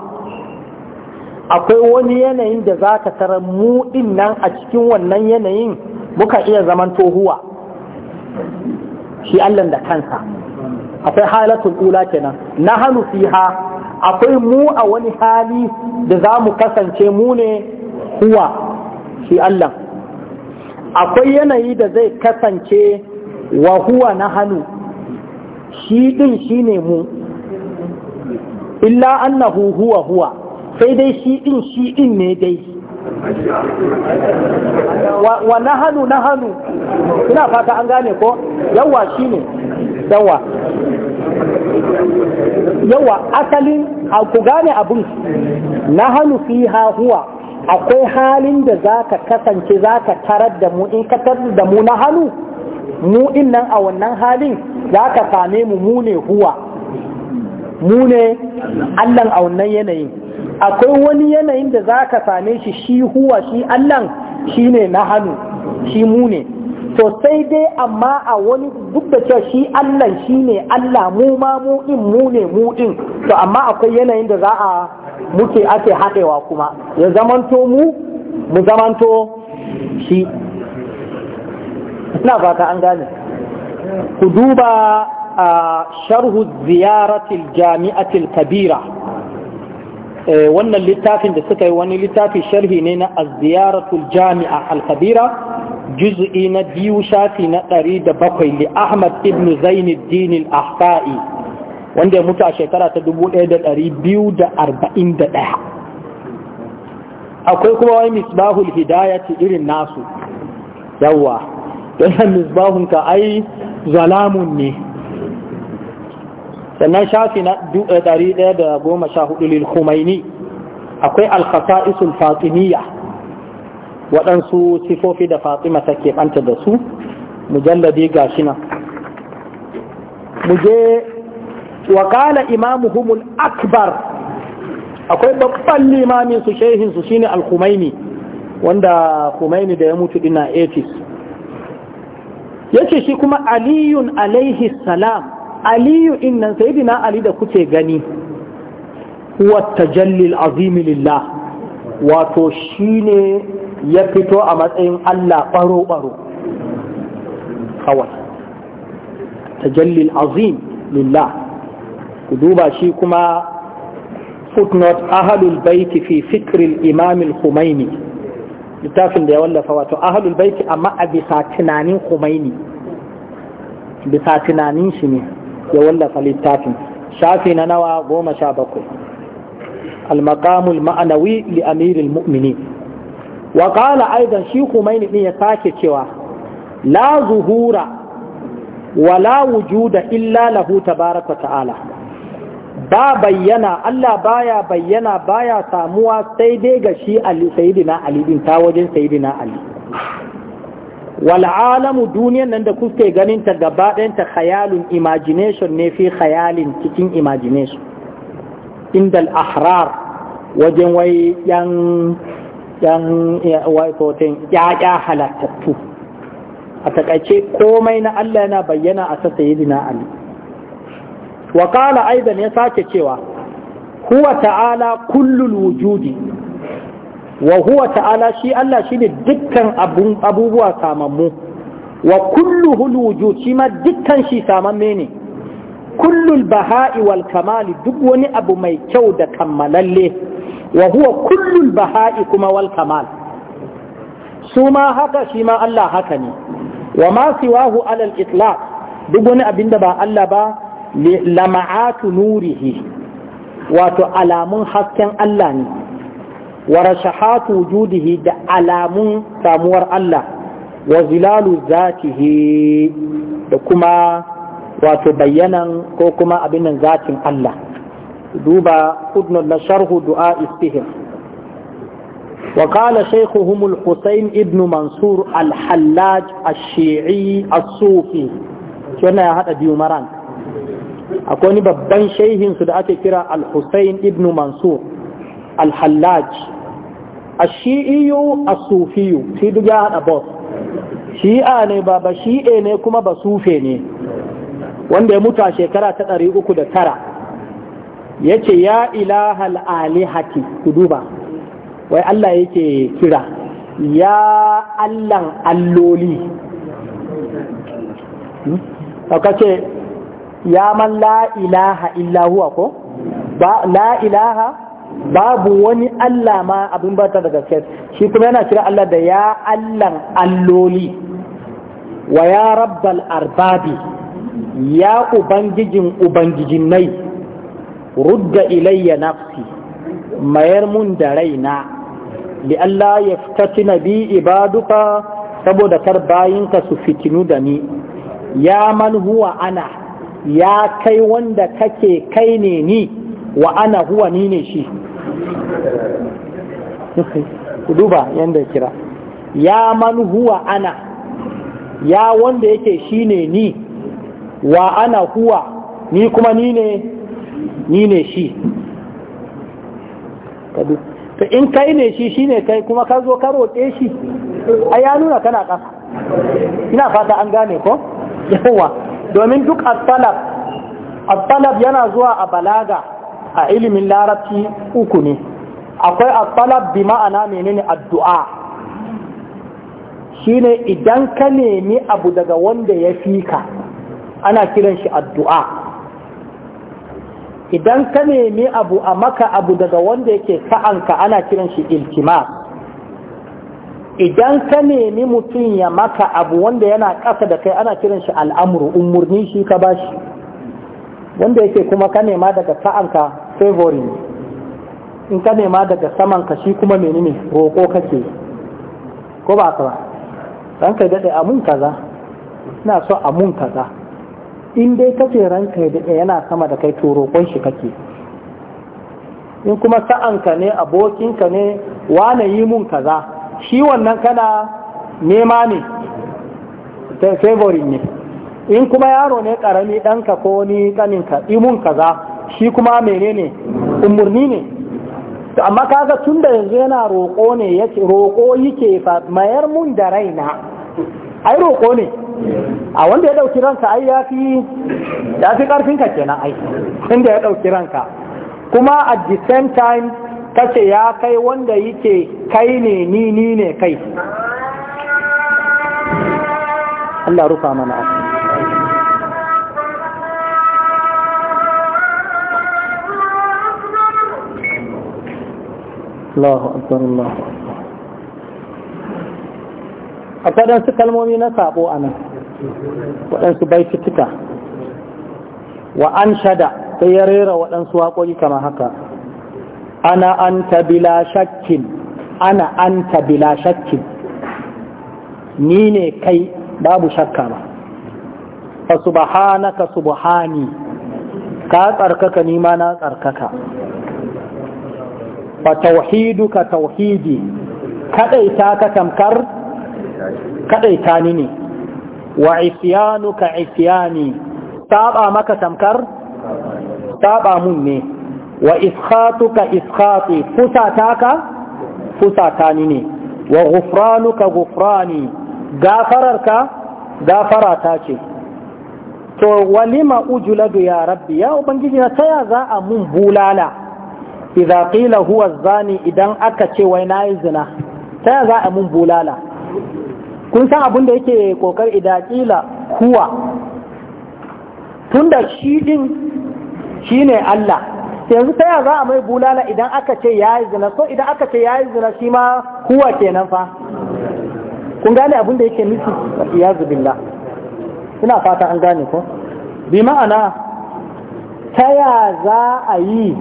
akwai wani yanayin da za ka tara mu nan a cikin wannan yanayin muka iya zaman huwa shi Allah da kansa akwai halatun ula kenan na hannu fiha akwai mu a wani hali da za mu kasance mu ne huwa shi Allah akwai yanayi da zai kasance wa huwa na hannu shi din shi ne mu illa annahu huwa huwa sai dai shi din shi din ne dai wa na hannu na hannu ina fata an gane ko yawa shi ne yawa yawa asalin ku gane abun na hannu fi huwa akwai halin da za ka kasance za ka tarar da mu in ka tarar da mu na hannu mu in nan a wannan halin za ka same mu mu ne huwa mu ne allan a wannan yanayin akwai wani yanayin da za ka same shi shi huwa shi allan shi ne na hannu shi mu ne to sai dai amma a wani duk da cewa shi Allah shi ne Allah mu ma mu din mu ne mu din to amma akwai yanayin da za a muke ake haɗewa kuma ya zamanto mu mu zamanto shi ina fata an gane ku duba a sharhu ziyaratil jami'atil kabira Eh, wannan littafin da suka yi wani littafi sharhi ne na aziyaratul jami'a al-kabira juz'i na biyu shafi na ɗari da bakwai li ahmad ibn zainuddin al-ahfa'i wanda ya mutu a shekara ta dubu ɗaya da ɗari biyu da arba'in da ɗaya akwai kuma wai misbahul hidayati irin nasu yawa don misbahun ka ai zalamun ne sannan shafi na 114 eh, lil Khumaini akwai al-khasa'isul fatimiyya waɗansu sifofi da fatima ta keɓanta da su mujalladi ga shi nan muje wa imamu humul akbar akwai babban limamin su shehin su shine al wanda Khumaini da ya mutu ina 80 yace shi kuma aliyun alaihi salam aliyu innan sayidina ali da kuke gani huwa tajallil azim lillah wato shine ya fito a matsayin Allah baro baro kawai tajallil azim lillah ku duba shi kuma footnote ahalul baiti fi fikril imam al-humaini littafin da ya wallafa wato ahlul baiti amma a bisa tunanin humaini bisa tunanin shi ne ya wallafa littafin shafi na nawa goma sha bakwai al ma'anawi li amiril mu'mini wa aidan shi kuma din ya sake cewa la zuhura wa la wujuda illa lahu tabaraka ta'ala ba bayyana Allah baya bayyana baya samuwa sai dai ga shi Ali sayyidina Ali din ta wajen sayyidina Ali wal'alamu duniyan nan da kuke ganin ta gaba ɗayanta khayalun imagination ne fi khayalin cikin imagination inda al'ahrar wajen wai yan yan waikotin ya'ya halattattu a takaice komai na Allah yana bayyana a sassa yi Ali. wa ƙala aidan ya sake cewa huwa ta'ala kullul wujudi wa huwa ta'ala shi Allah shine dukkan abubuwa samammu wa kulluhu alwujud shi ma dukkan shi samamme ne kullul baha'i wal kamali duk wani abu mai kyau da kammalalle wa huwa kullul baha'i kuma wal kamal su ma haka shi ma Allah haka ne wa ma siwahu alal itlaq duk wani abin da ba Allah ba lama'atu nurihi wato alamun hasken Allah ne wa rashahatu wujudihi da alamun samuwar Allah wazilalu zilalu da kuma wato bayyanan ko kuma abinan zatin Allah duba kudnul na sharhu du'a istihim wakala شيخهم humul ابن ibnu الحلاج alhalaj الصوفي شنو هذا ديومران akwai babban shehin da ake kira al ibnu ibn Mansur al shi'iyu a sufiyu shi duk ya bos. boss shi'a ne ba ba shi'e ne kuma ba sufe ne wanda ya mutu a shekara ta ɗari uku da tara ya ce ya ilahal alihati ku duba wai Allah yake kira ya allan alloli ka ce ya man la ilaha illa ko ba la ilaha babu wani Allah ma abin bata daga gaske shi kuma yana kira Allah da ya Allahn alloli wa ya rabbal arbabi ya ubangijin ubangijin nai rudda ilayya nafsi mayar mun da raina li Allah ya bi ibaduka saboda kar bayinka su fitinu da ni ya man huwa ana ya kai wanda kake kai ne ni wa ana huwa ni ne shi ku duba yadda kira ya man huwa ana ya wanda yake shine ni wa ana huwa ni kuma ni ne ni ne shi ta in kai ne shi shi ne kai kuma ka zo ka roƙe shi a ya nuna kana kasa, ina fata an gane ko yawa domin duk a talab yana zuwa a balaga a ilimin larabci uku ne akwai at bi ma'ana menene addu'a shine idan ka nemi abu daga wanda ya fi ka ana kiran shi addu'a idan ka nemi abu a maka abu daga wanda yake sa'anka ana kiran shi iltima idan ka nemi mutum ya maka abu wanda yana ƙasa da kai ana kiran shi al'amuru umarni shi ka bashi wanda yake kuma ka nema daga sa'anka favoring in ka nema daga samanka shi kuma menene roƙo kake ko ba ka ba ranka daɗe amun kaza ina so amun kaza in dai ran ranka daɗe yana sama da kai to roƙon shi kake in kuma sa'anka ne abokinka ne wane yi mun kaza shi wannan kana nema ne favoring ne in kuma yaro ne karami ɗanka ko ni kaninka imun kaza shi kuma menene umurni ne to amma kaga tun da yanzu yana roƙo ne yake roƙo yake fa mayar mun da raina ai roƙo ne a wanda ya ɗauki ranka ai ya fi ya fi ƙarfinka kenan ai inda ya ɗauki ranka kuma at the same time kace ya kai wanda yake kai ne ni ni ne kai Allah rufa mana asiri Allahu akbar Allahu kalmomi na sabo a nan waɗansu baitutuka wa an shada sai ya rera waɗansu waƙoƙi kamar haka ana an bila shakkin ana an bila shakkin ni kai babu shakka ba fa subhanaka subhani ka tsarkaka ni ma na tsarkaka fa tauhiduka tauhidi kadaita ka tamkar kadaita ni ne wa isyanuka isyani saba maka tamkar saba mun ne wa iskhatuka iskhati fusataka fusata ni ne wa ka ghufrani gafararka gafarata ce to walima ujuladu ya rabbi ya ubangiji na taya za a mun bulala idza qila huwa zani idan aka ce wai nayi zina ta za a mun bulala kun san abin da yake kokar idza qila huwa tunda shi din shine Allah yanzu ta za a mai bulala idan aka ce yayi zina so idan aka ce yayi zina shi ma huwa kenan fa kun gane abin da yake nufi iyazu billah ina fata an gane ko bi ma'ana ta ya za a yi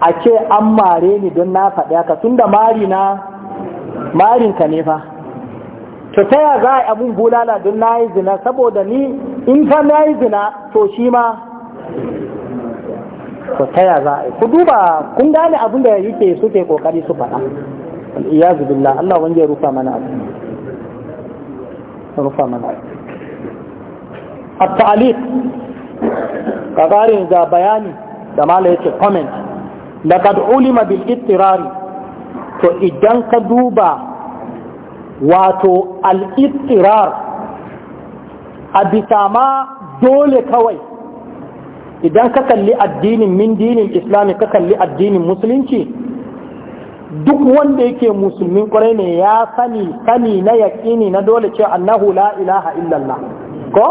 a ce an mare ni don na faɗi haka tun da mari na marinka ne fa to ta ya za a yi abin bulala don na yi zina saboda ni in ta na yi zina to shi ma to ta ya za a yi. ku duba kun gane abin da yake suke kokari su faɗa iyazu billah Allah wanda ya rufa mana abin rufa mana abu التعليق كذلك ذا bayani da mala yake comment لقد ulima bil تو to idan ka duba wato alitirar دول كوي dole kawai idan ka kalli addinin min islami ka kalli addinin musulunci duk wanda yake musulmin kwarai ne ya sani sani na yaƙini na dole ce annahu la ilaha illallah ko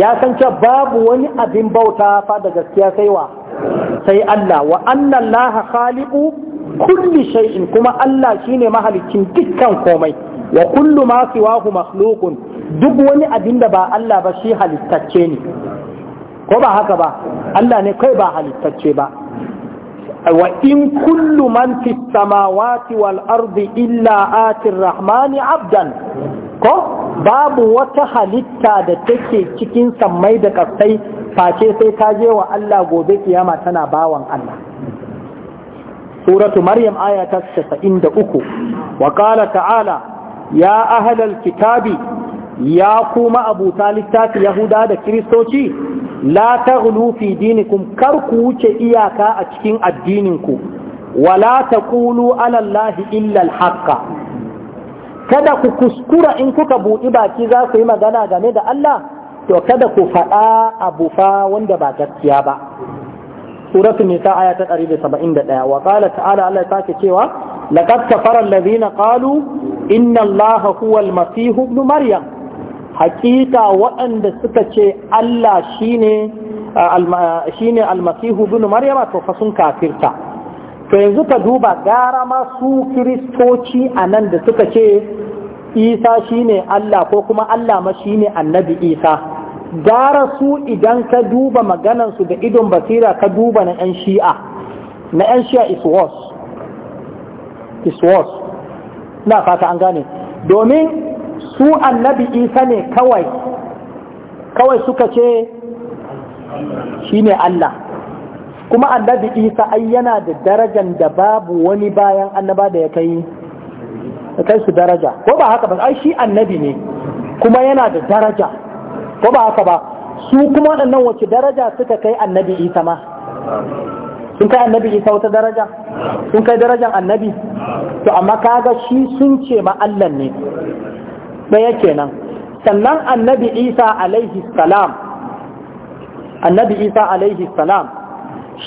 ya san ce babu wani abin bauta fa da gaskiya sai sai Allah wa annan laha khaliqu kulli shay'in kuma Allah shine mahalicin dukkan komai wa kullu ma siwahu makhluqun duk wani abin da ba Allah ba shi halittacce ne ko ba haka ba Allah ne kai ba halittacce ba wa in kullu man fis samawati wal ardi illa atir rahmani abdan ko babu wata halitta da take cikin sammai da kasai face sai ta je wa Allah gobe kiyama tana bawan Allah suratu maryam aya ta 93 wa qala ta'ala ya ahlal kitabi ya kuma abuta littafi yahuda da kiristoci la taghlu fi dinikum kar ku wuce iyaka a cikin addininku wala taqulu ala allahi illa al kada ku kuskura in kuka buɗi baki za ku yi magana game da Allah to kada ku faɗa a bufa wanda ba gaskiya ba Surat nisa aya ta 171 wa qala ta'ala Allah ya sake cewa laqad kafara na qalu inna Allah huwa al-masih maryam hakika waɗanda suka ce Allah shine uh, uh, shine al-masih maryam to fa sun kafirta to yanzu ka duba gara masu kiristoci a nan da suka ce isa shine Allah ko kuma Allah ma shine annabi isa gara su idan ka duba maganansu da idon basira ka duba na 'yan shi'a na 'yan shi'a is worse is worse na fata an gane domin su annabi isa ne kawai kawai suka ce shine Allah kuma annabi isa ai yana da darajan da babu wani bayan annaba da ya kai kai su daraja ko ba haka ba ai shi annabi ne kuma yana da daraja ko ba haka ba su kuma waɗannan wace daraja suka kai annabi isa ma sun kai annabi isa wata daraja sun kai darajan annabi to amma kaga shi sun ce ma Allah ne ɗaya kenan sannan annabi isa alaihi salam annabi isa alaihi salam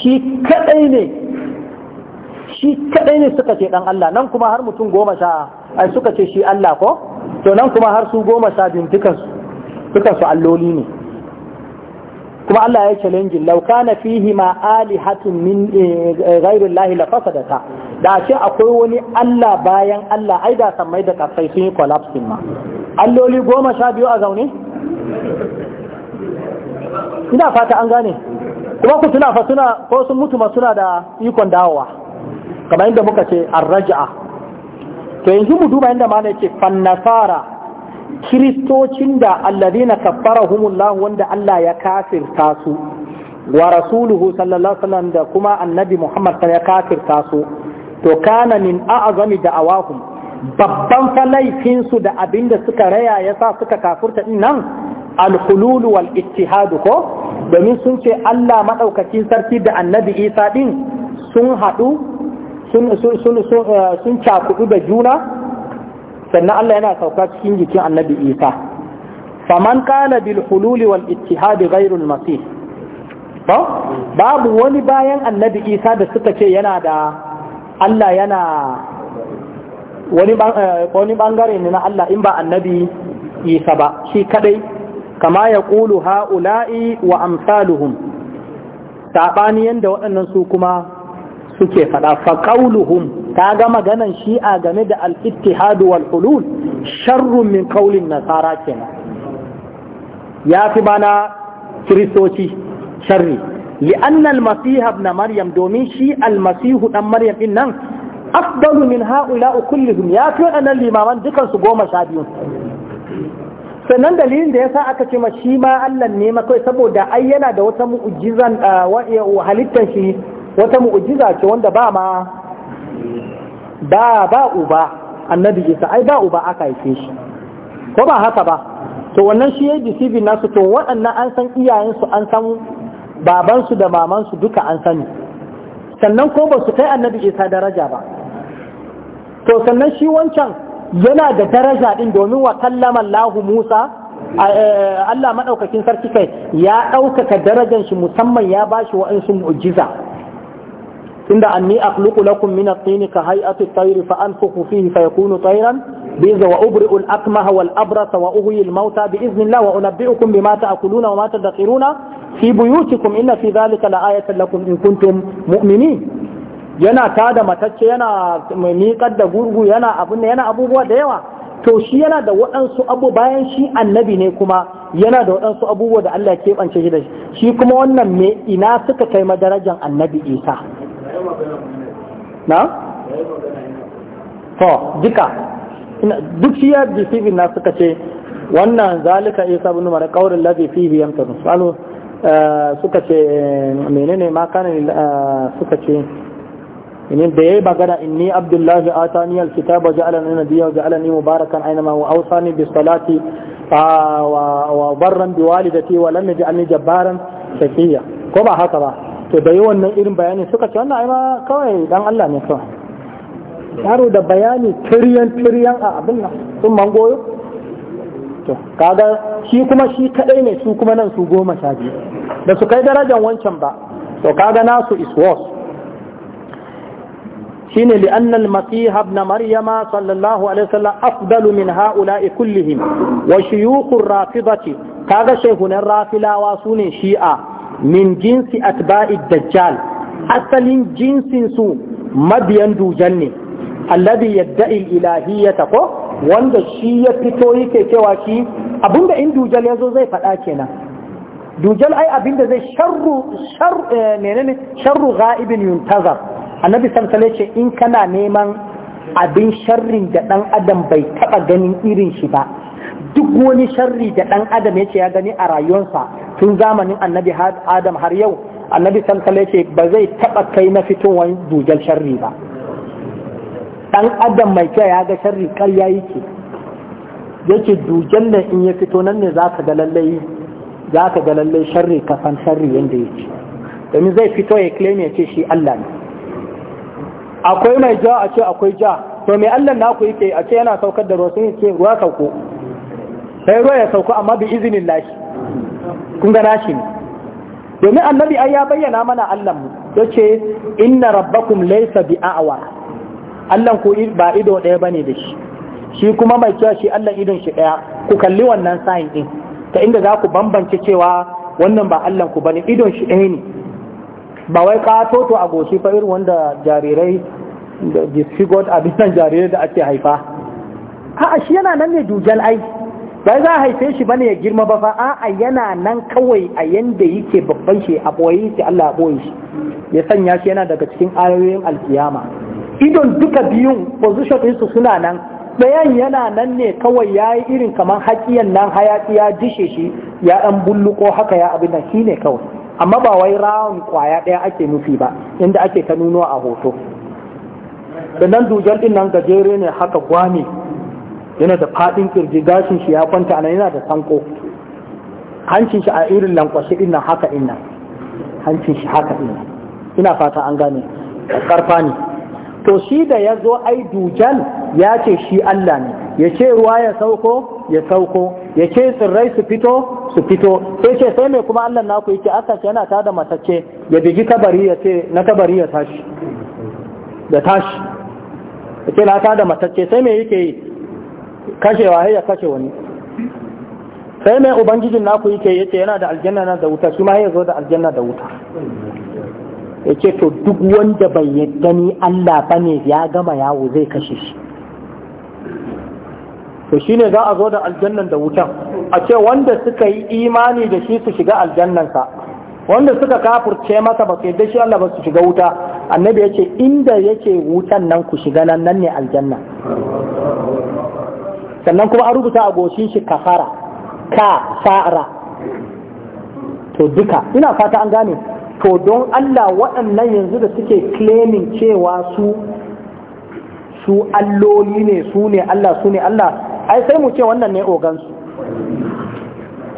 shi kadai ne shi kadai ne suka ce dan Allah nan kuma har mutum goma sha ai suka ce shi Allah ko to nan kuma har su goma sha su dukansu dukansu alloli ne kuma Allah ya challenge law kana fihi ma alihatun min eh, ghairi Allah la fasadata da ce akwai wani Allah bayan Allah ai da mai da kafai sun yi collapse ma alloli goma sha biyu a zaune ina fata an gane kuma ku suna fasuna suna ko sun mutu ma suna da ikon dawowa kamar inda muka ce arraja'a to yanzu mu duba inda mana yake fannasara kiristocin da alladhina kaffarahumullahu wanda Allah ya kafirta su wa rasuluhu sallallahu alaihi wasallam da kuma annabi Muhammad ya kafirta su to kana min a'zami da'awahum babban falaifin su da abinda suka raya ya sa suka kafurta din nan al-hulul wal ittihadu ko domin sun ce Allah maɗaukakin sarki da annabi isa ɗin sun haɗu sun eh, cakuɗu da juna sannan Allah yana sauka cikin jikin annabi isa faman ƙala bil hululi wal ittihadi ghairul masih babu wani bayan annabi isa da suka ce yana da Allah yana wani eh, bangare ne na Allah in ba annabi isa ba shi kadai kama ya ƙulu ha'ula'i wa amsaluhum saɓani yadda waɗannan su kuma suke faɗa faƙauluhum ta gama ganan shi'a game da al'ittihadu wal hulul sharrun min ƙaulin nasara kenan ya fi bana kiristoci sharri li'annal masiha na maryam domin shi almasihu ɗan maryam in nan afdalu min ha'ula'u kullihum ya fi waɗannan limaman dukansu goma sha biyu sannan dalilin da yasa aka ce ma shi ma Allah ne ma kai saboda ai yana da wata mu'jizan halittar shi wata mu'jiza ce wanda ba ma ba ba uba annabi Isa ai ba uba aka haife shi ko ba haka ba to wannan shi ya disibi nasu to waɗannan an san iyayensu an san babansu da mamansu duka an sani sannan ko ba su kai annabi Isa daraja ba to sannan shi wancan yana da daraja din domin wa kallama eh, eh, Allah Musa Allah madaukakin sarki kai ya ɗaukaka darajar shi musamman ya bashi wa'ansu mu'jiza inda anni akhluqu lakum min at-tin ka hay'ati at-tayr fa anfukhu fihi fa yakunu tayran bi'izni wa ubri'u al-akmaha wal abrasa wa uhyi al-mauta bi'iznillah wa unabbi'ukum bima ta'kuluna wa ma tadkhiruna fi buyutikum inna fi dhalika la'ayatan lakum in kuntum mu'minin yana tada matacce yana miƙar da gurgu yana abin yana abubuwa da yawa to shi yana da waɗansu abu bayan shi annabi ne kuma yana da waɗansu abubuwa da Allah ya keɓance shi da shi shi kuma wannan me ina suka kai madarajan annabi isa na? to duka duk shi ya jisibi na suka ce wannan zalika isa bin mara kaurin lafi fihi yamtanu eh, suka ce menene ma eh, suka ce inin da yayi magana inni abdullahi atani alkitaba ja'alani nabiyya ja'alani mubarakan aynama wa awsani bis salati wa barran bi walidati wa lam yaj'alni jabbaran shaqiya ko ba haka ba to da yawan nan irin bayani suka ce wannan ai ma kawai dan Allah ne kawai yaro da bayani tiriyan tiriyan a abin nan sun mangoyo to kaga shi kuma shi kadai ne su kuma nan su goma sha biyu da su kai darajar wancan ba to kaga nasu is worse shine li annal masih ibn maryama sallallahu alaihi wasallam afdalu min haula'i kullihim wa shuyukhur rafidati kaga shehunan rafilawa sune shi'a min jinsi atba'i dajjal asalin jinsin su mabiyan dujan ne alladhi yadda'i ilahiyyata ko wanda shi ya fito yake cewa shi abinda in dujal yazo zai faɗa kenan dujal ai abinda zai sharru shar eh, menene sharru ghaibin yuntazar annabi sallallahu ce in kana neman abin sharrin da ɗan adam bai taɓa ganin irin shi ba duk wani sharri da ɗan adam ya ce ya gani a rayuwarsa tun zamanin annabi adam har yau annabi sallallahu ce ba zai taɓa kai na fitowar dujal sharri ba dan adam mai kyau ya ga sharri yi ke yake dujan nan in ya fito nan ne za ka ga lallai za ka ga lallai sharri kafan sharri yanda yake domin zai fito ya claim ya ce shi Allah ne akwai mai ja a ce akwai ja to mai Allah naku yake a ce yana saukar da rosu sai ruwa sauko sai ruwa ya sauko amma bi izinin lashi kun ga shi ne domin annabi ai ya bayyana mana allan mu ce inna rabbakum laisa bi a'wa allan ku ba ido ɗaya bane da shi shi kuma mai cewa shi allan idon shi ɗaya ku kalli wannan sign din ta inda za ku bambance cewa wannan ba allan ku bane idon shi ɗaya ne ba wai kato a goshi fa irin wanda jarirai da disfigured abin nan jarirai da ake haifa a shi yana nan ne dujal ai bai za a haife shi bane ya girma ba fa a yana nan kawai a yanda yake babban shi a boye shi Allah boye shi ya sanya shi yana daga cikin ayoyin alkiyama idon duka biyun position su suna nan Bayan yana nan ne kawai yayi irin kamar haƙiyan nan hayaƙi ya dishe shi ya ɗan bulluko haka ya abin nan shi ne kawai amma ba wai rawan kwaya ɗaya ake nufi ba inda ake ta nuno a hoto sannan dujar ɗin nan gajere ne haka gwami yana da faɗin kirji gashin shi ya kwanta nan yana da sanko hancin shi a irin lankwashe ɗin nan haka ɗin nan hancin shi haka ɗin ina fata an gane karfa ne to shi da ya zo ai dujal ya ce shi Allah ne ya ce ruwa ya sauko ya sauko ya ce tsirrai su fito su fito sai ce sai mai kuma Allah naku yake aka ce yana da matacce ya bigi tabari ya ce na tabari ya tashi da tashi ya ce na da matacce sai mai yake yi kashewa ya kashe wani sai mai ubangijin naku yake ya ce yana da aljanna na da wuta shi ma ya zo da aljanna da wuta ya ce to duk wanda bai yadda ni Allah bane ya gama yawo zai kashe shi to shine za a zo da aljannan da wutan a ce wanda suka yi imani da shi su shiga aljannansa wanda suka kafurce masa ba su yadda shi Allah ba su shiga wuta annabi ya ce inda yake wutan nan ku shiga nan nan ne aljanna sannan kuma an rubuta a goshin shi kafara ka fara to duka ina fata an gane to don Allah waɗannan yanzu da suke claiming cewa su su alloli ne su ne Allah su ne Allah ai sai mu ce wannan ne ogansu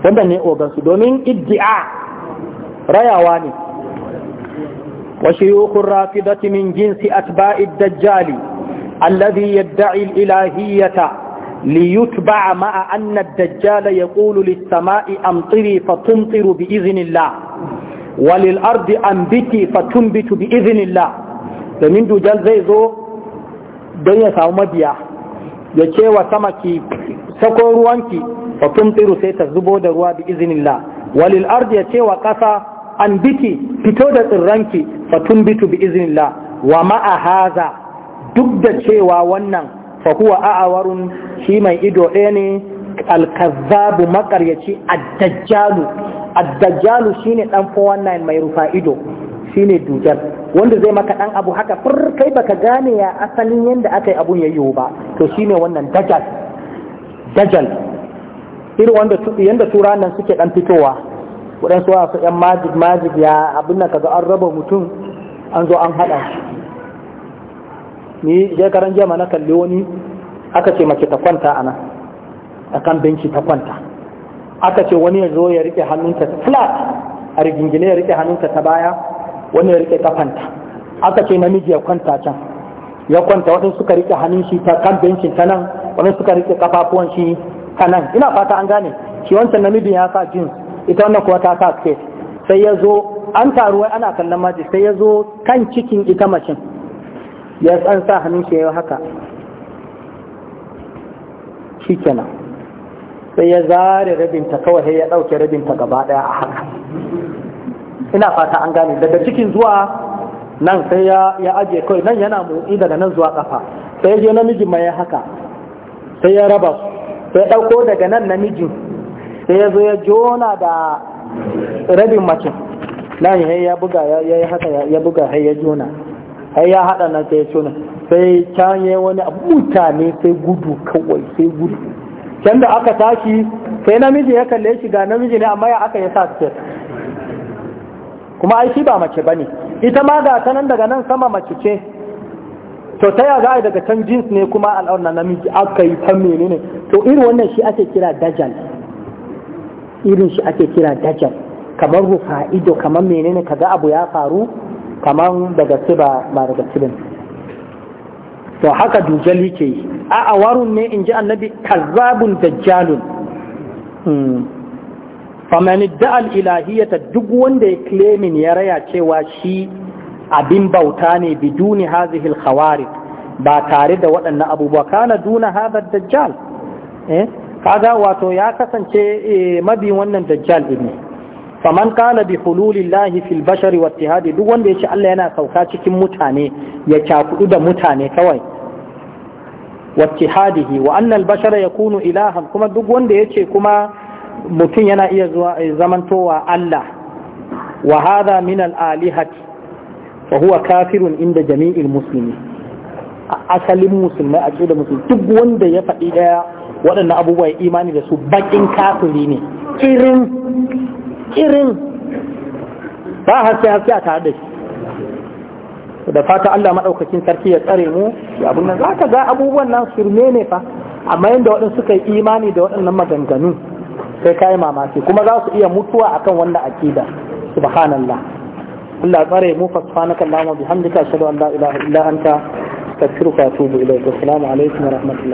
wannan ne ogansu domin iddia rayawa ne wa shuyukhur rafidati min jinsi atba'id dajjali alladhi yad'i al-ilahiyyata ليتبع مع أن الدجال يقول للسماء أمطري فتمطر بإذن الله وللأرض أنبتي فتنبت بإذن الله فمن دجال زي زو don ya samu mabiya ya ce wa sama ki sako ruwanki wa tsiru sai ta zubo da ruwa bi iznillah walil ardi ya ce wa ƙasa an biki fito da tsirranki fa tumbitu bi iznillah wa ma'a haza duk da cewa wannan fa huwa a'awarun shi mai ido ɗaya ne alkazzabu makaryaci addajjalu addajjalu shine dan fo wannan mai rufa ido shine dujal wanda zai maka dan abu haka fur kai baka gane ya asalin yanda aka yi abun yayyo ba to shine wannan dajal dajal irin wanda yanda tura nan suke dan fitowa waɗansu wasu yan majid majid ya abin nan kaga an raba mutum an zo an haɗa shi ni je karan jama na kalli wani aka ce mace ta kwanta a nan a kan benci ta kwanta aka ce wani ya zo ya rike hannunta flat a rigingine ya rike hannunta ta baya wani ya rike kafanta aka ce namiji ya kwanta can ya kwanta wani suka rike hannun shi ta kan bencin ta nan wani suka rike kafafuwan shi ta nan ina fata an gane shi wancan namijin ya sa jeans ita wannan kuwa ta sa skirt sai ya zo an taru wai ana kallon maji sai ya zo kan cikin ita macin ya an sa hannun shi ya haka shi kenan sai ya zare rabinta kawai ya ɗauke rabinta gaba ɗaya a haka ina fata an gane daga cikin zuwa nan sai ya ajiye kawai nan yana motsi daga nan zuwa kafa sai ya je namijin mai haka sai ya raba su sai ya dauko daga nan namijin sai ya zo ya jona da rabin mace nan ya ya buga ya yi haka ya buga har ya jona har ya hada nan sai ya jona sai can ya wani mutane sai gudu kawai sai gudu can da aka tashi sai namiji ya kalle shi ga namiji ne amma ya aka ya sa kuma ai shi ba mace bane ita ma ga ta nan daga nan sama mace ce to ta ya za daga can jins ne kuma al'aurna namiji aka yi ta menene to irin wannan shi ake kira dajal irin shi ake kira dajal kamar rufa ido kamar menene kaga abu ya faru kamar daga ba ba daga cibin to haka dujal yake yi a awarun ne in ji annabi kazzabun dajjalun hmm. faman da'al ilahiyata duk wanda ya claimin ya raya cewa shi abin bauta ne biduni hazihi al-khawarij ba tare da waɗannan abubuwa kana duna hadha dajjal eh wato ya kasance eh, mabi wannan dajjal ibn faman kana bi hululillahi fil bashari wa ittihadi duk wanda ya ce Allah yana sauka cikin mutane ya cakudu da mutane kawai wa ittihadihi wa anna al-bashara yakunu ilahan kuma duk wanda ya ce kuma mutum yana iya eh, zamantowa Allah wa hadha min al-alihati fa huwa kafirun inda jami'il muslimi asalin musulmai a da musulmi duk wanda ya faɗi ɗaya waɗannan abubuwa ya imani da su bakin kafiri ne irin irin ba haske haske a tare da shi da fata Allah maɗaukakin sarki ya tsare mu ya abun nan za ka ga abubuwan nan shirme ne fa amma yadda waɗansu suka yi imani da waɗannan maganganu sai ka yi mamaki kuma za su iya mutuwa akan wannan akida subhanallah Allah tsare mu fa subhanaka allahumma bihamdika ashhadu an la ilaha illa anta astaghfiruka wa atubu ilayk assalamu alaikum wa rahmatullahi